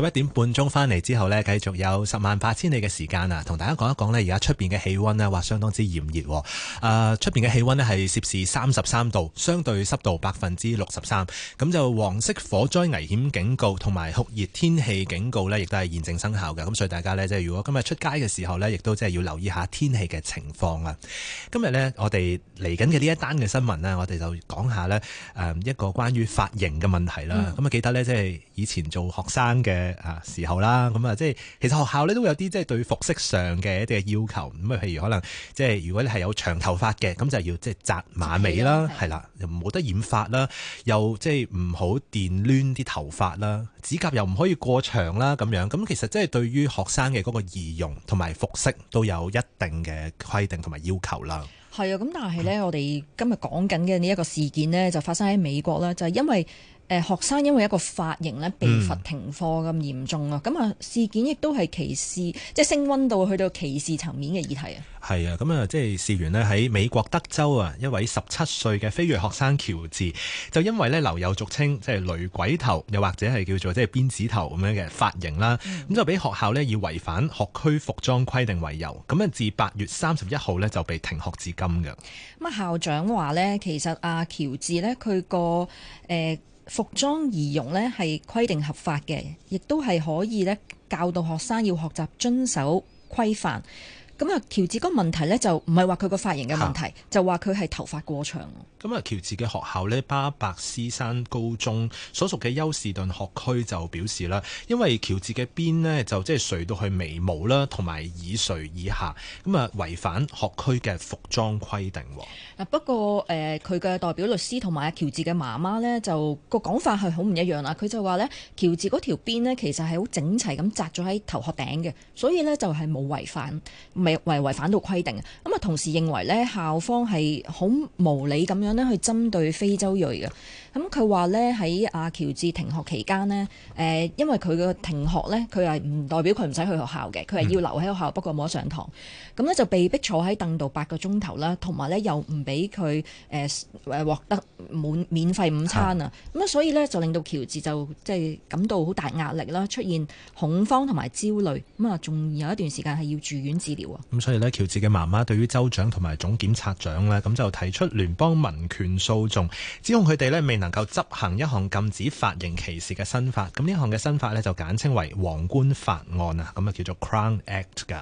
十一點半鐘翻嚟之後呢繼續有十萬八千里嘅時間啊！同大家講一講呢而家出面嘅氣温呢，話相當之炎熱。誒、呃，出面嘅氣温呢，係攝氏三十三度，相對濕度百分之六十三。咁就黃色火災危險警告同埋酷熱天氣警告呢，亦都係現正生效嘅。咁所以大家呢，即係如果今日出街嘅時候呢，亦都即係要留意下天氣嘅情況啊！今日呢，我哋嚟緊嘅呢一單嘅新聞呢，我哋就講下呢一個關於髮型嘅問題啦。咁啊、嗯，記得呢，即係以前做學生嘅啊時候啦，咁啊，即係其實學校咧都有啲即係對服飾上嘅一啲嘅要求，咁啊，譬如可能即係如果你係有長頭髮嘅，咁就要即係扎馬尾啦，係啦起的，又冇得染髮啦，又即係唔好電攣啲頭髮啦，指甲又唔可以過長啦，咁樣，咁其實即係對於學生嘅嗰個儀容同埋服飾都有一定嘅規定同埋要求啦。係啊，咁但係咧，嗯、我哋今日講緊嘅呢一個事件呢，就發生喺美國啦，就係、是、因為。誒學生因為一個髮型咧被罰停課，咁嚴重啊！咁啊、嗯、事件亦都係歧視，即係升溫到去到歧視層面嘅議題是啊！係啊！咁啊，即係事源呢，喺美國德州啊，一位十七歲嘅非裔學生喬治就因為呢留有俗稱即係雷鬼頭，又或者係叫做即係辮子頭咁樣嘅髮型啦，咁就俾學校呢以違反學區服裝規定為由，咁啊自八月三十一號呢就被停學至今嘅。咁啊校長話呢，其實阿、啊、喬治呢，佢個誒服裝儀容呢係規定合法嘅，亦都係可以呢教導學生要學習遵守規範。咁啊，喬治嗰個問題咧就唔係話佢個髮型嘅問題，是就話佢係頭髮過長。咁啊，喬治嘅學校呢，巴伯斯山高中所屬嘅休士頓學區就表示啦，因為喬治嘅辮呢，就即係垂到去眉毛啦，同埋耳垂以下，咁啊違反學區嘅服裝規定。嗱不過誒，佢、呃、嘅代表律師同埋阿喬治嘅媽媽呢，就個講法係好唔一樣啦。佢就話呢，喬治嗰條辮咧其實係好整齊咁紮咗喺頭殼頂嘅，所以呢，就係冇違反。係違違反到規定，咁啊同時認為咧校方係好無理咁樣咧去針對非洲裔嘅。咁佢話咧喺阿喬治停學期間咧，誒，因為佢嘅停學咧，佢係唔代表佢唔使去學校嘅，佢係要留喺學校，不過冇得上堂。咁咧、嗯、就被逼坐喺凳度八個鐘頭啦，同埋咧又唔俾佢誒誒獲得滿免費午餐啊！咁所以咧就令到喬治就即係感到好大壓力啦，出現恐慌同埋焦慮，咁啊，仲有一段時間係要住院治療啊！咁所以咧，喬治嘅媽媽對於州長同埋總檢察長咧，咁就提出聯邦民權訴訟指控佢哋咧未，能夠執行一項禁止髮型歧視嘅新法，咁呢項嘅新法咧就簡稱為皇冠法案啊，咁啊叫做 Crown Act 㗎。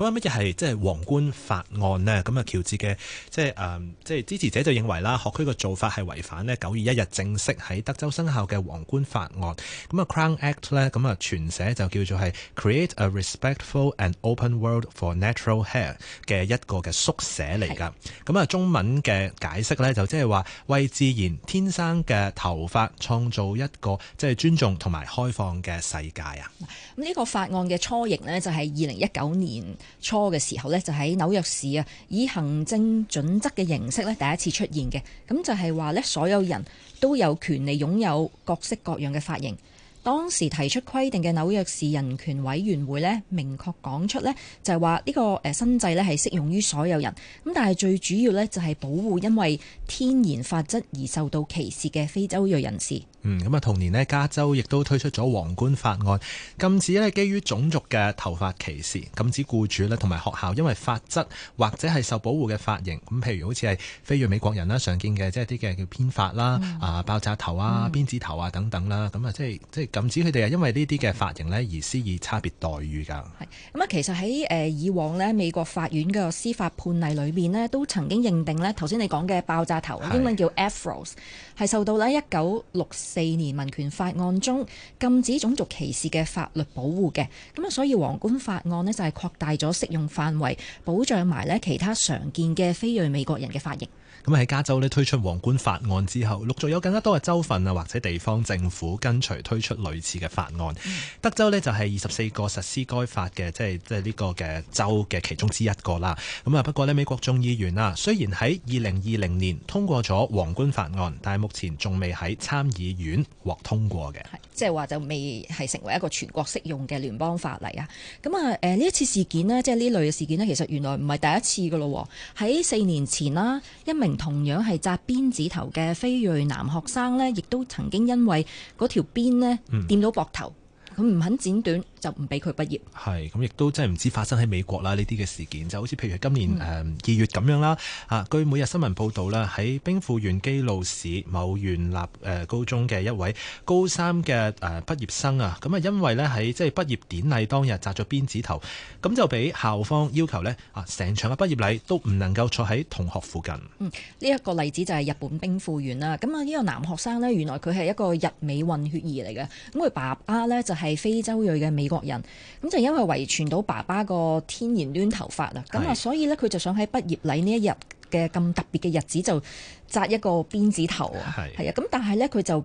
咁啊！乜嘢係即係《皇冠法案》呢？咁啊，喬治嘅即係誒，即係支持者就認為啦，學區嘅做法係違反呢九月一日正式喺德州生效嘅《皇冠法案》。咁啊，《Crown Act》咧，咁啊，全寫就叫做係 Create a Respectful and Open World for Natural Hair 嘅一個嘅縮寫嚟㗎。咁啊，中文嘅解釋咧，就即係話為自然天生嘅頭髮創造一個即係尊重同埋開放嘅世界啊。咁呢個法案嘅初形呢，就係二零一九年。初嘅時候呢，就喺紐約市啊，以行政準則嘅形式呢，第一次出現嘅，咁就係話呢，所有人都有權利擁有各式各樣嘅髮型。當時提出規定嘅紐約市人權委員會呢，明確講出呢就係話呢個誒新制呢係適用於所有人，咁，但係最主要呢，就係保護因為天然髮質而受到歧視嘅非洲裔人士。嗯，咁啊同年咧，加州亦都推出咗皇冠法案，禁止咧基於種族嘅頭髮歧視，禁止僱主咧同埋學校因為髮質或者係受保護嘅髮型，咁譬如好似係非裔美國人啦，常見嘅即係啲嘅叫編髮啦，啊，爆炸頭啊、辮子頭啊等等啦，咁、嗯、啊即係即係禁止佢哋啊因為呢啲嘅髮型咧而施以差別待遇㗎。係咁啊其實喺誒以往咧美國法院嘅司法判例裏面咧，都曾經認定咧頭先你講嘅爆炸頭英文叫 afros 係是受到咧一九六。四年民權法案中禁止種族歧視嘅法律保護嘅，咁啊，所以皇冠法案呢，就係擴大咗適用範圍，保障埋呢其他常見嘅非裔美國人嘅髮型。咁喺加州呢，推出皇冠法案之後，陸續有更加多嘅州份啊或者地方政府跟隨推出類似嘅法案。嗯、德州呢，就係二十四個實施該法嘅即係即係呢個嘅州嘅其中之一個啦。咁啊不過呢，美國眾議員啊雖然喺二零二零年通過咗皇冠法案，但係目前仲未喺參議。院獲通過嘅，即係話就未係成為一個全國適用嘅聯邦法例啊！咁啊，誒呢一次事件呢，即係呢類嘅事件呢，其實原來唔係第一次㗎喇喎！喺四年前啦，一名同樣係紮辮子頭嘅非裔男學生呢，亦都曾經因為嗰條辮呢掂到膊頭，佢唔、嗯、肯剪短。就唔俾佢畢業。係咁，亦都真係唔知發生喺美國啦呢啲嘅事件，就好似譬如今年呃、二月咁樣啦。嗯、啊，據每日新聞報道啦，喺兵庫縣姬路市某縣立、呃、高中嘅一位高三嘅誒、呃、畢業生啊，咁啊因為呢喺即係畢業典禮當日紮咗辮子頭，咁就俾校方要求呢，啊，成場嘅畢業禮都唔能夠坐喺同學附近。嗯，呢、這、一個例子就係日本兵庫縣啦。咁啊呢個男學生呢，原來佢係一個日美混血兒嚟嘅，咁佢爸爸呢，就係非洲裔嘅美國人，咁就因為遺傳到爸爸個天然攣頭髮啦，咁啊所以咧佢就想喺畢業禮呢一日嘅咁特別嘅日子就紮一個辮子頭啊，係啊的，咁但係咧佢就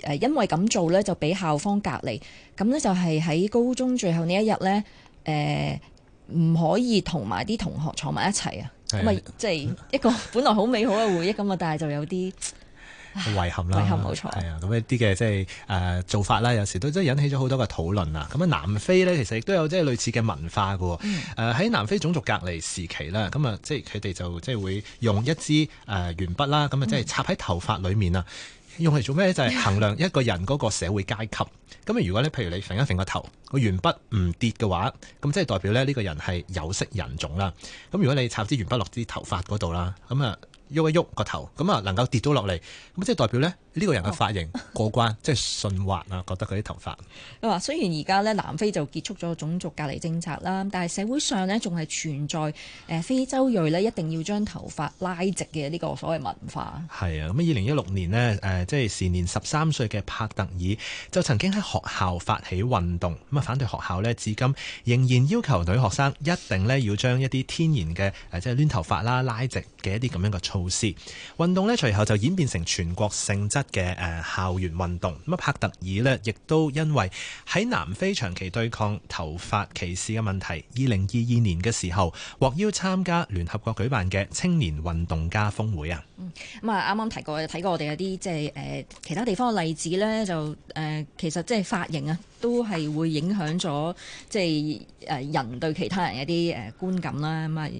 誒因為咁做咧就俾校方隔離，咁咧就係喺高中最後呢一日咧，誒、呃、唔可以同埋啲同學坐埋一齊啊，咁啊即係一個本來好美好嘅回憶咁啊， 但係就有啲。遺憾啦，遺憾冇錯。係啊、哎，咁一啲嘅即係誒做法啦，有時都真係引起咗好多嘅討論啊。咁啊，南非咧其實亦都有即係類似嘅文化嘅喎。喺、嗯呃、南非種族隔離時期啦，咁啊即係佢哋就即係會用一支誒鉛筆啦，咁啊即係插喺頭髮裏面啦、嗯、用嚟做咩？就係、是、衡量一個人嗰個社會階級。咁啊，如果咧，譬如你揈一揈個頭，個鉛筆唔跌嘅話，咁即係代表咧呢個人係有色人種啦。咁如果你插支鉛筆落支頭髮嗰度啦，咁啊～喐一喐個頭，咁啊能夠跌到落嚟，咁即係代表咧。呢個人嘅髮型過關，哦、 即係順滑啊，覺得佢啲頭髮。你話雖然而家咧南非就結束咗種族隔離政策啦，但係社會上咧仲係存在誒非洲裔咧一定要將頭髮拉直嘅呢、這個所謂文化。係啊，咁啊二零一六年呢，誒，即係時年十三歲嘅帕特爾就曾經喺學校發起運動，咁啊反對學校呢，至今仍然要求女學生一定呢要將一啲天然嘅誒即係攣頭髮啦拉直嘅一啲咁樣嘅措施。運動呢，隨後就演變成全國性質。嘅誒校園運動，咁啊帕特爾呢，亦都因為喺南非長期對抗頭髮歧視嘅問題，二零二二年嘅時候獲邀參加聯合國舉辦嘅青年運動家峰會啊。咁啊、嗯，啱啱提過睇過我哋有啲即係誒其他地方嘅例子咧，就、呃、誒其實即係髮型啊。都係會影響咗即係誒、呃、人對其他人一啲誒、呃、觀感啦。咁、嗯、啊，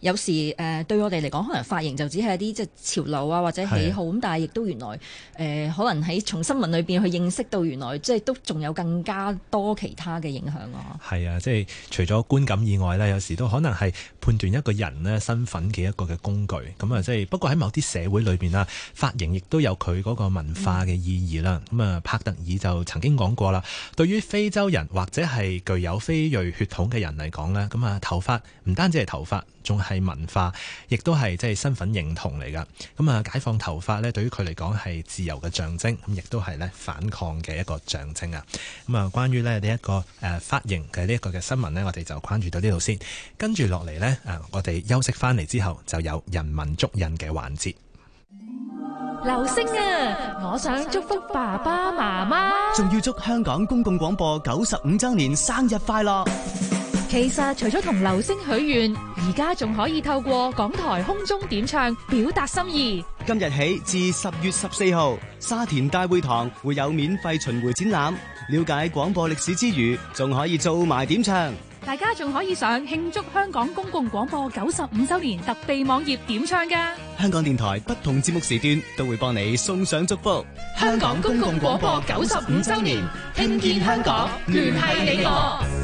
有時誒、呃、對我哋嚟講，可能髮型就只係一啲即係潮流啊或者喜好咁，但係亦都原來誒、呃、可能喺從新聞裏邊去認識到原來即係都仲有更加多其他嘅影響咯、啊。係啊，即係除咗觀感以外咧，有時都可能係判斷一個人呢身份嘅一個嘅工具。咁啊，即係不過喺某啲社會裏邊啊，髮型亦都有佢嗰個文化嘅意義啦。咁啊、嗯，帕、嗯、特爾就曾經講過啦。對於非洲人或者係具有非裔血統嘅人嚟講呢，咁啊，頭髮唔單止係頭髮，仲係文化，亦都係即係身份認同嚟噶。咁啊，解放頭髮呢，對於佢嚟講係自由嘅象徵，咁亦都係咧反抗嘅一個象徵啊。咁啊，關於咧呢一個誒髮型嘅呢一個嘅新聞呢，我哋就關注到呢度先。跟住落嚟呢，誒我哋休息翻嚟之後，就有人文足印嘅環節。流星啊，我想祝福爸爸媽媽，仲要祝香港公共廣播九十五周年生日快樂。其實除咗同流星許願，而家仲可以透過港台空中點唱表達心意。今日起至十月十四號，沙田大會堂會有免費巡迴展覽，了解廣播歷史之餘，仲可以做埋點唱。大家仲可以上慶祝香港公共廣播九十五周年特備網頁點唱噶。香港電台不同節目時段都會幫你送上祝福。香港公共廣播九十五周年，聽見香港，聯繫你我。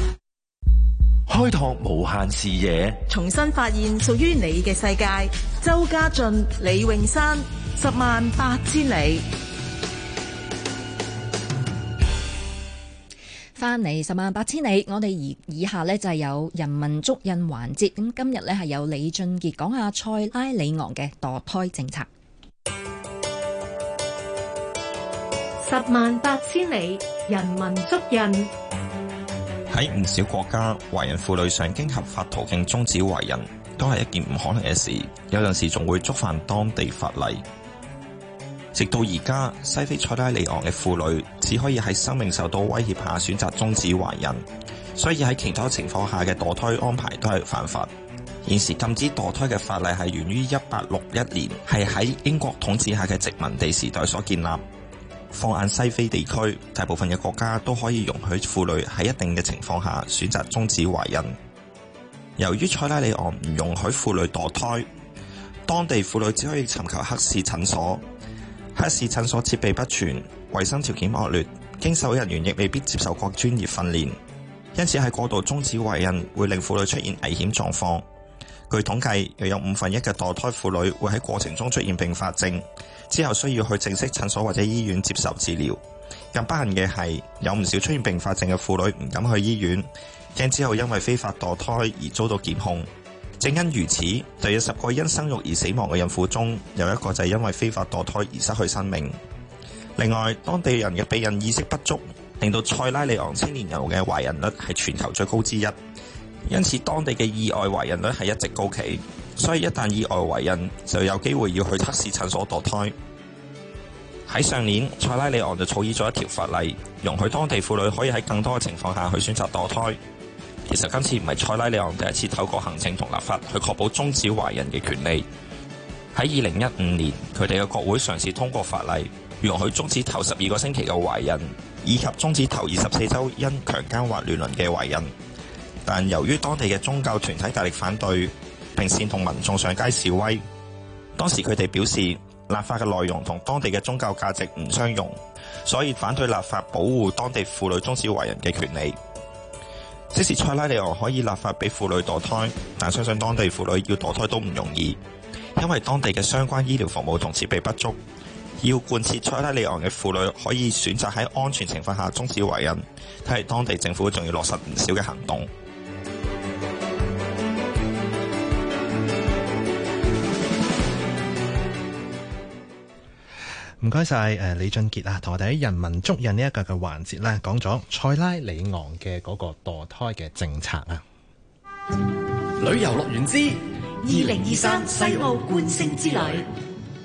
開拓無限視野，重新發現屬於你嘅世界。周家俊、李永山，十萬八千里。翻嚟十萬八千里，我哋而以下呢，就係、是、有人文足印環節。咁今日呢，係有李俊杰講下塞拉里昂嘅墮胎政策。十萬八千里，人文足印。喺唔少國家，懷孕婦女想經合法途徑終止懷孕，都係一件唔可能嘅事。有陣時仲會觸犯當地法例。直到而家，西非塞拉利昂嘅婦女只可以喺生命受到威脅下選擇終止懷孕，所以喺其他情況下嘅墮胎安排都係犯法。現時禁止墮胎嘅法例係源於一八六一年，係喺英國統治下嘅殖民地時代所建立。放眼西非地區大部分嘅國家都可以容許婦女喺一定嘅情況下選擇終止懷孕。由於塞拉利昂唔容許婦女墮胎，當地婦女只可以尋求黑市診所。黑市診所設備不全，衛生條件惡劣，經手人員亦未必接受過專業訓練，因此喺過度終止懷孕會令婦女出現危險狀況。據統計，又有五分一嘅墮胎婦女會喺過程中出現併發症，之後需要去正式診所或者醫院接受治療。更不幸嘅係，有唔少出現併發症嘅婦女唔敢去醫院，驚之後因為非法墮胎而遭到檢控。正因如此，大約十個因生育而死亡嘅孕婦中，有一個就係因為非法墮胎而失去生命。另外，當地人嘅避孕意識不足，令到塞拉利昂青年人嘅懷孕率係全球最高之一。因此，當地嘅意外懷孕率係一直高企，所以一旦意外懷孕，就有機會要去測試診所墮胎。喺上年，塞拉里昂就草擬咗一條法例，容許當地婦女可以喺更多嘅情況下，去選擇墮胎。其實今次唔係塞拉里昂第一次透過行政同立法去確保終止懷孕嘅權利。喺二零一五年，佢哋嘅國會嘗試通過法例，容許終止頭十二個星期嘅懷孕，以及終止頭二十四週因強姦或亂倫嘅懷孕。但由於當地嘅宗教團體大力反對，平線同民眾上街示威，當時佢哋表示立法嘅內容同當地嘅宗教價值唔相容，所以反對立法保護當地婦女終止懷孕嘅權利。即使塞拉利昂可以立法俾婦女墮胎，但相信當地婦女要墮胎都唔容易，因為當地嘅相關醫療服務同設備不足。要貫徹塞，塞拉利昂嘅婦女可以選擇喺安全情況下終止懷孕，睇嚟當地政府仲要落實唔少嘅行動。唔該晒，誒，李俊杰啊，同我哋喺《人文足印》呢一個嘅環節咧，講咗塞拉里昂嘅嗰個墮胎嘅政策啊。旅遊樂園之二零二三西澳觀星之旅，之旅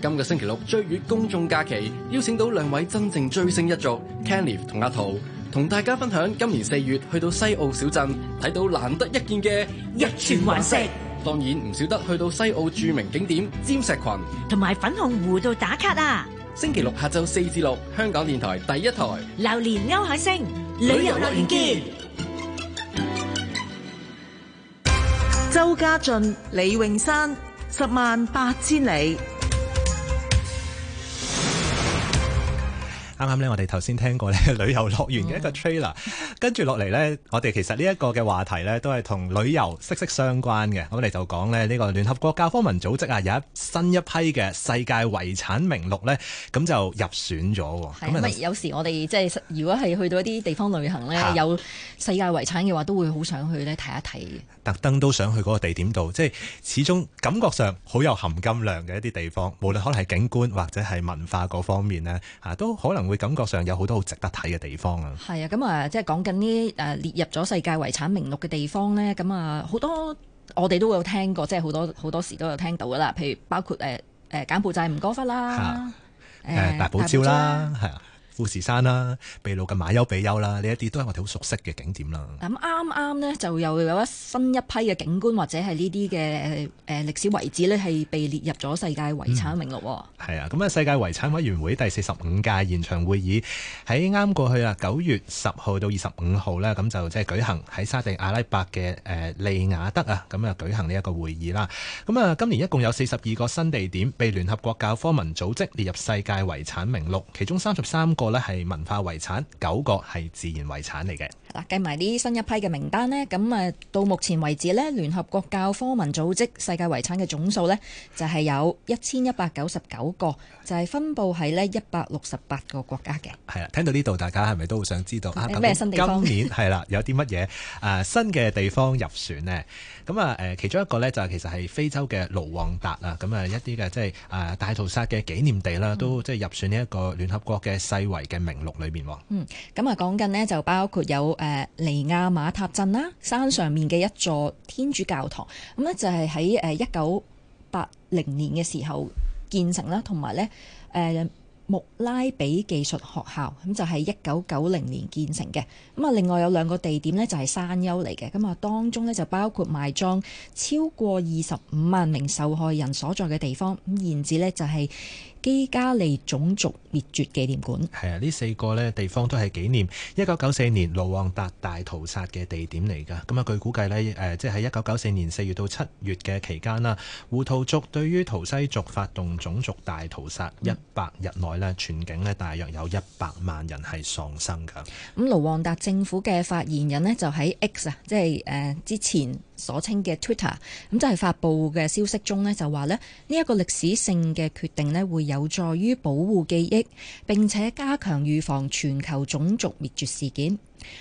今個星期六追月公眾假期，邀請到兩位真正追星一族，Kenny 同阿桃，同大家分享今年四月去到西澳小鎮，睇到難得一見嘅日全環食。當然唔少得去到西澳著名景點尖石群同埋粉紅湖度打卡啊！星期六下晝四至六，香港電台第一台。榴蓮、歐海星、旅遊樂園見。周家俊、李詠山，十萬八千里。啱啱咧，我哋頭先聽過咧旅遊樂園嘅一個 trailer，跟住落嚟呢，我哋其實呢一個嘅話題呢，都係同旅遊息息相關嘅。我哋就講呢，呢個聯合國教科文組織啊，有一新一批嘅世界遺產名錄呢，咁就入選咗喎。的有時我哋即係如果係去到一啲地方旅行呢，的有世界遺產嘅話，都會好想去呢，睇一睇。特登都想去嗰個地點度，即係始終感覺上好有含金量嘅一啲地方，無論可能係景觀或者係文化嗰方面呢，啊，都可能。會感覺上有好多好值得睇嘅地方啊！係啊，咁啊，即係講緊呢，誒，列入咗世界遺產名錄嘅地方咧，咁啊好多我哋都有聽過，即係好多好多時都有聽到噶啦，譬如包括誒誒，柬埔寨吳哥窟啦，誒大堡礁啦，係啊。啊啊富士山啦、秘魯嘅馬丘比丘啦，呢一啲都係我哋好熟悉嘅景點啦。咁啱啱呢，就又有一新一批嘅景觀或者係呢啲嘅誒歷史遺址呢係被列入咗世界遺產名錄。係啊、嗯，咁啊，世界遺產委員會第四十五屆現場會議喺啱過去啊，九月十號到二十五號呢，咁就即係舉行喺沙特阿拉伯嘅誒利雅德啊，咁啊舉行呢一個會議啦。咁啊，今年一共有四十二個新地點被聯合國教科文組織列入世界遺產名錄，其中三十三個個咧係文化遺產，九個係自然遺產嚟嘅。係計埋呢新一批嘅名單呢，咁啊到目前為止咧，聯合國教科文組織世界遺產嘅總數呢，就係有一千一百九十九個，就係、是、分佈喺呢一百六十八個國家嘅。係啦，聽到呢度，大家係咪都好想知道啊？咩新地方？今年係啦，有啲乜嘢誒新嘅地方入選呢？咁啊，誒，其中一個咧就係其實係非洲嘅盧旺達啊，咁啊一啲嘅即係誒大屠殺嘅紀念地啦，都即係入選呢一個聯合國嘅世遺嘅名錄裏面喎。嗯，咁啊講緊呢就包括有誒尼亞馬塔鎮啦，山上面嘅一座天主教堂，咁咧就係喺誒一九八零年嘅時候建成啦，同埋咧誒。呃穆拉比技術學校咁就係一九九零年建成嘅。咁啊，另外有兩個地點呢，就係山丘嚟嘅。咁啊，當中呢，就包括埋葬超過二十五萬名受害人所在嘅地方。咁現址呢，就係基加利種族滅絕紀念館係啊，呢四個呢地方都係紀念一九九四年盧旺達大屠殺嘅地點嚟噶。咁啊，據估計呢，誒，即係喺一九九四年四月到七月嘅期間啦，胡圖族對於圖西族發動種族大屠殺，一百日內呢，全境呢，大約有一百萬人係喪生噶咁盧旺達政府嘅發言人呢，就喺 X 啊，即係誒之前所稱嘅 Twitter，咁就係發佈嘅消息中呢，就話呢，呢一個歷史性嘅決定呢，會有助於保護記憶，並且加強預防全球種族滅絕事件。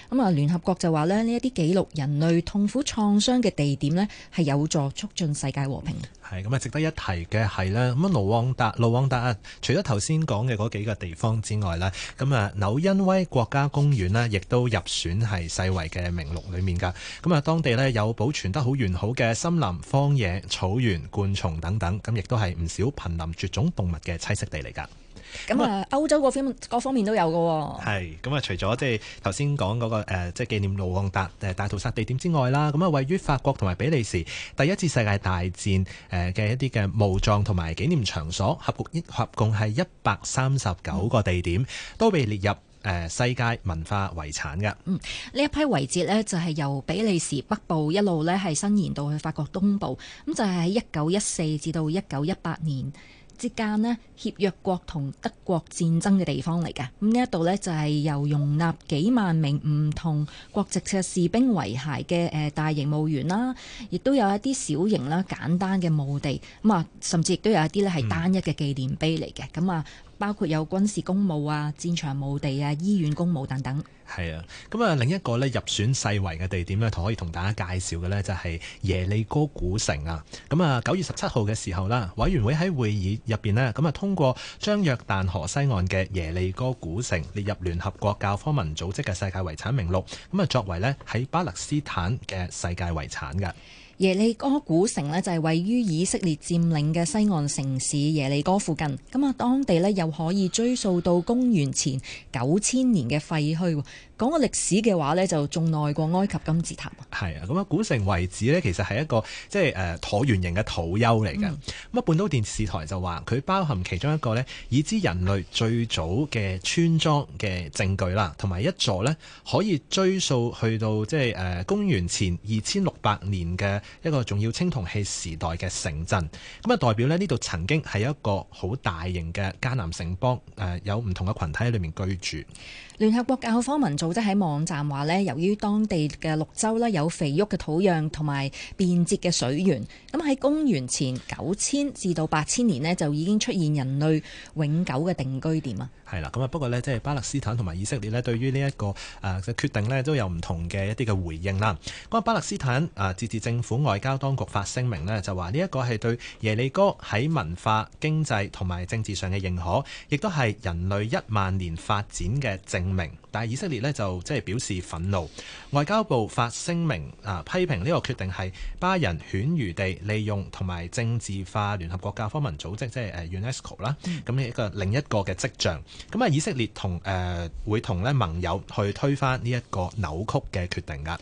咁啊，聯合國就話咧，呢一啲記錄人類痛苦創傷嘅地點呢，係有助促進世界和平。係咁啊，值得一提嘅係呢，咁啊，盧旺達盧旺達啊，除咗頭先講嘅嗰幾個地方之外呢，咁啊，紐恩威國家公園呢，亦都入選係世遺嘅名錄裏面噶。咁啊，當地呢，有保存得好完好嘅森林、荒野、草原、灌叢等等，咁亦都係唔少瀕臨絕種動物嘅棲息地嚟噶。咁啊，歐洲各方各方面都有㗎喎、哦。係咁啊，除咗即係頭先講嗰個即係紀念盧旺達大屠殺地點之外啦，咁、呃、啊位於法國同埋比利時第一次世界大戰嘅一啲嘅墓葬同埋紀念場所，合共合共係一百三十九個地點、嗯、都被列入、呃、世界文化遺產㗎。嗯，呢一批遺址呢，就係由比利時北部一路呢，係伸延到去法國東部，咁就係喺一九一四至到一九一八年。之間咧，協約國同德國戰爭嘅地方嚟嘅，咁呢一度呢，就係由容納幾萬名唔同國籍嘅士兵遺骸嘅誒大型墓園啦，亦都有一啲小型啦簡單嘅墓地，咁啊甚至亦都有一啲咧係單一嘅紀念碑嚟嘅，咁啊。包括有軍事公務啊、戰場墓地啊、醫院公務等等，係啊。咁啊，另一個咧入選世遺嘅地點咧，同可以同大家介紹嘅呢，就係耶利哥古城啊。咁啊，九月十七號嘅時候啦，委員會喺會議入面呢，咁啊通過將約旦河西岸嘅耶利哥古城列入聯合國教科文組織嘅世界遺產名錄，咁啊作為呢，喺巴勒斯坦嘅世界遺產嘅。耶利哥古城呢，就係位於以色列佔領嘅西岸城市耶利哥附近，咁啊當地呢，又可以追溯到公元前九千年嘅廢墟。講個歷史嘅話呢就仲耐過埃及金字塔。係啊，咁啊古城遺址呢，其實係一個即係誒橢圓形嘅土丘嚟嘅。咁啊、嗯，半島電視台就話佢包含其中一個呢，已知人類最早嘅村莊嘅證據啦，同埋一座呢，可以追溯去到即係誒公元前二千六百年嘅一個重要青銅器時代嘅城鎮。咁啊，代表咧呢度曾經係一個好大型嘅迦南城邦，誒有唔同嘅群體喺裏面居住。聯合國教科文組織喺網站話咧，由於當地嘅綠洲啦，有肥沃嘅土壤同埋便捷嘅水源，咁喺公元前九千至到八千年呢，就已經出現人類永久嘅定居點啊。係啦，咁啊，不過呢，即係巴勒斯坦同埋以色列咧，對於呢一個誒嘅決定咧，都有唔同嘅一啲嘅回應啦。巴勒斯坦啊，自治政府外交當局發聲明呢就話呢一個係對耶利哥喺文化、經濟同埋政治上嘅認可，亦都係人類一萬年發展嘅證明。但係以色列咧就即係表示憤怒，外交部發聲明啊、呃，批評呢個決定係巴人犬儒地利用同埋政治化聯合國教科文組織，即係誒 UNESCO 啦，咁呢一個另一個嘅跡象。咁啊，以色列同誒、呃、會同咧盟友去推翻呢一個扭曲嘅決定噶。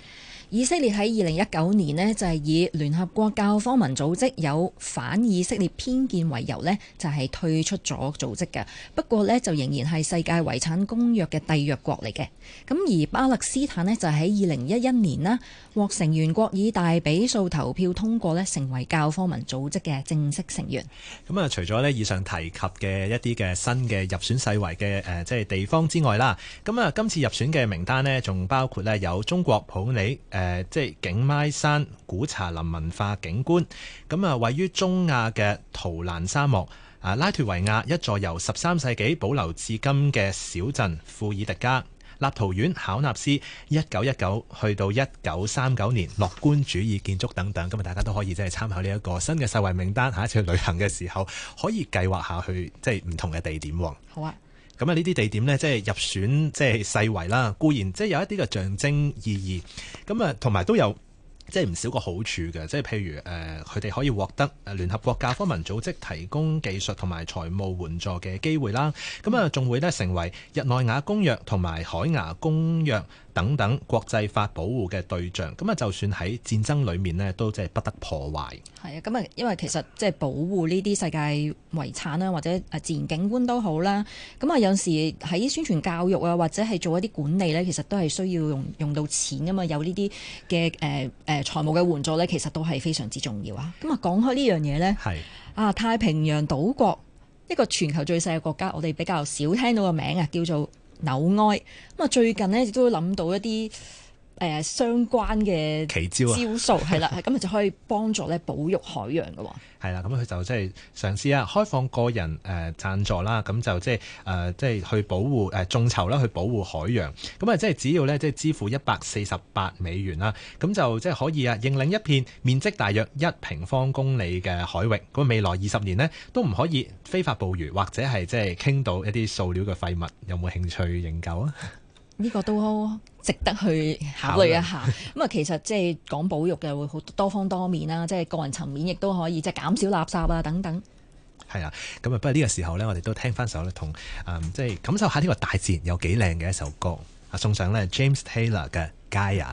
以色列喺二零一九年呢，就係以聯合國教科文組織有反以色列偏見為由呢就係退出咗組織嘅。不過呢，就仍然係世界遺產公約嘅締約國嚟嘅。咁而巴勒斯坦呢，就喺二零一一年啦，獲成員國以大比數投票通過呢成為教科文組織嘅正式成員。咁啊，除咗呢以上提及嘅一啲嘅新嘅入選世遺嘅誒，即係地方之外啦，咁啊，今次入選嘅名單呢，仲包括呢有中國普洱誒。誒，即係景邁山古茶林文化景觀，咁啊位於中亞嘅圖蘭沙漠，啊拉脫維亞一座由十三世紀保留至今嘅小鎮庫爾迪加，立陶宛考納斯一九一九去到一九三九年樂觀主義建築等等，咁啊大家都可以即係參考呢一個新嘅世遺名單，下一次去旅行嘅時候可以計劃下去即係唔同嘅地點。好啊。咁啊呢啲地點呢，即係入選即係世遺啦，固然即係有一啲嘅象徵意義，咁啊同埋都有即係唔少個好處嘅，即係譬如誒佢哋可以獲得聯合國教科文組織提供技術同埋財務援助嘅機會啦，咁啊仲會咧成為日內瓦公約同埋海牙公約。等等國際法保護嘅對象，咁啊，就算喺戰爭裡面呢，都即係不得破壞。係啊，咁啊，因為其實即係保護呢啲世界遺產啦，或者誒自然景觀都好啦，咁啊，有時喺宣傳教育啊，或者係做一啲管理呢，其實都係需要用用到錢㗎嘛，有呢啲嘅誒誒財務嘅援助呢，其實都係非常之重要啊。咁啊，講開呢樣嘢呢，係啊，太平洋島國一個全球最細嘅國家，我哋比較少聽到個名啊，叫做，扭哀咁啊！最近咧亦都會諗到一啲。誒、呃，相關嘅奇招招數係啦，咁啊就可以幫助咧保育海洋噶喎。係啦， 咁佢就即係嘗試啊，開放個人誒贊助啦，咁就即係誒即係去保護誒眾籌啦，去保護海洋。咁啊，即係只要咧即係支付一百四十八美元啦，咁就即係可以啊認領一片面積大約一平方公里嘅海域。咁未來二十年呢，都唔可以非法捕魚或者係即係傾到一啲塑料嘅廢物。有冇興趣認購 啊？呢個都好。值得去考慮一下，咁啊行吧笑其實即係講保育嘅會好多方多面啦，即係個人層面亦都可以，即係減少垃圾啊等等。係啦，咁啊不過呢個時候呢，我哋都聽翻首咧，同嗯即係感受下呢個大自然有幾靚嘅一首歌，送上咧 James Taylor 嘅《Gaia》。